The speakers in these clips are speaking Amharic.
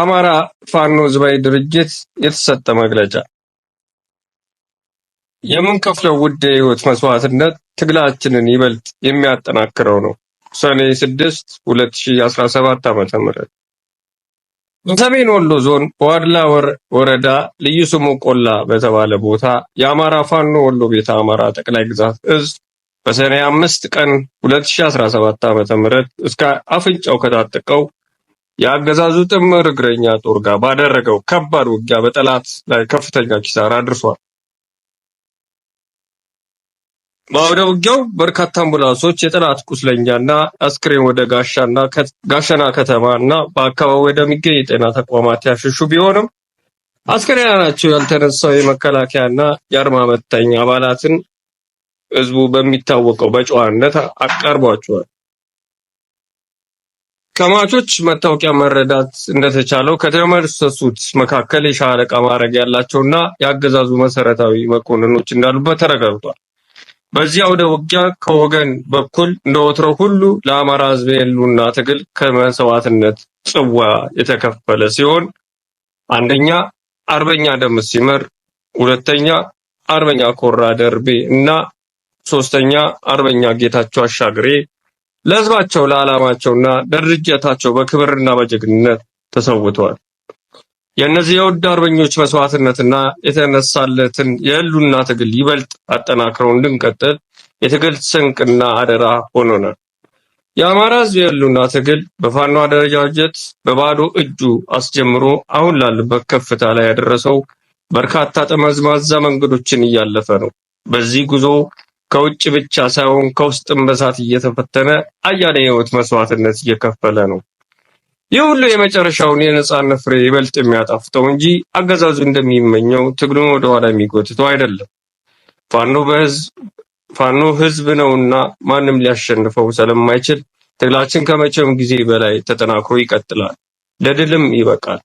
አማራ ፋኖ ህዝባዊ ድርጅት የተሰጠ መግለጫ የምንከፍለው ውድ የህይወት መስዋዕትነት ትግላችንን ይበልጥ የሚያጠናክረው ነው። ሰኔ 6 2017 ዓ.ም በሰሜን ወሎ ዞን በዋድላ ወረዳ ልዩ ስሙ ቆላ በተባለ ቦታ የአማራ ፋኖ ወሎ ቤተ አማራ ጠቅላይ ግዛት እዝ በሰኔ 5 ቀን 2017 ዓ.ም እስከ አፍንጫው ከታጠቀው የአገዛዙ ጥምር እግረኛ ጦር ጋር ባደረገው ከባድ ውጊያ በጠላት ላይ ከፍተኛ ኪሳራ አድርሷል። በአውደ ውጊያው በርካታ አምቡላንሶች፣ የጠላት ቁስለኛና አስክሬን ወደ ጋሸና ከተማ እና በአካባቢ ወደሚገኝ የጤና ተቋማት ያሸሹ ቢሆንም ናቸው ያልተነሳው የመከላከያና የአድማ በታኝ አባላትን ህዝቡ በሚታወቀው በጨዋነት አቀርቧቸዋል። ከማቾች መታወቂያ መረዳት እንደተቻለው ከተመሰሱት መካከል የሻለቃ ማዕረግ ያላቸውና የአገዛዙ መሰረታዊ መኮንኖች እንዳሉበት ተረጋግጧል። በዚህ አውደ ውጊያ ከወገን በኩል እንደ ሁሉ ለአማራ ሕዝብ የህልውና ትግል ከመስዋዕትነት ጽዋ የተከፈለ ሲሆን አንደኛ አርበኛ ደምስ ሲመር፣ ሁለተኛ አርበኛ ኮራ ደርቤ እና ሶስተኛ አርበኛ ጌታቸው አሻግሬ ለህዝባቸው ለዓላማቸውና ለድርጅታቸው በክብርና በጀግንነት ተሰውተዋል። የእነዚህ የውድ አርበኞች መስዋዕትነትና የተነሳለትን የህሉና ትግል ይበልጥ አጠናክረው እንድንቀጥል የትግል ስንቅና አደራ ሆኖናል። የአማራ ህዝብ የህሉና ትግል በፋኖ አደረጃጀት በባዶ እጁ አስጀምሮ አሁን ላለበት ከፍታ ላይ ያደረሰው በርካታ ጠመዝማዛ መንገዶችን እያለፈ ነው። በዚህ ጉዞ ከውጭ ብቻ ሳይሆን ከውስጥም በሳት እየተፈተነ አያሌ የህይወት መስዋዕትነት እየከፈለ ነው። ይህ ሁሉ የመጨረሻውን የነጻነት ፍሬ ይበልጥ የሚያጣፍጠው እንጂ አገዛዙ እንደሚመኘው ትግሉን ወደኋላ የሚጎትተው አይደለም። ፋኖ ህዝብ ነውና ማንም ሊያሸንፈው ስለማይችል ትግላችን ከመቼውም ጊዜ በላይ ተጠናክሮ ይቀጥላል፣ ለድልም ይበቃል።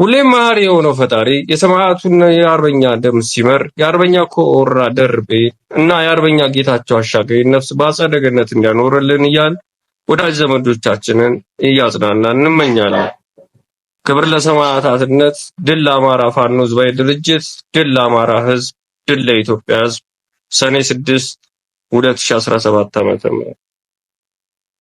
ሁሌም መሀሪ የሆነው ፈጣሪ የሰማያቱን የአርበኛ ደም ሲመር የአርበኛ ኮራ ደርቤ እና የአርበኛ ጌታቸው አሻገሪ ነፍስ በአጸደ ገነት እንዲያኖርልን እያል ወዳጅ ዘመዶቻችንን እያጽናና እንመኛለን። ክብር ለሰማዕታትነት። ድል ለአማራ ፋኖ ህዝባዊ ድርጅት፣ ድል ለአማራ ህዝብ፣ ድል ለኢትዮጵያ ህዝብ። ሰኔ 6 2017 ዓ.ም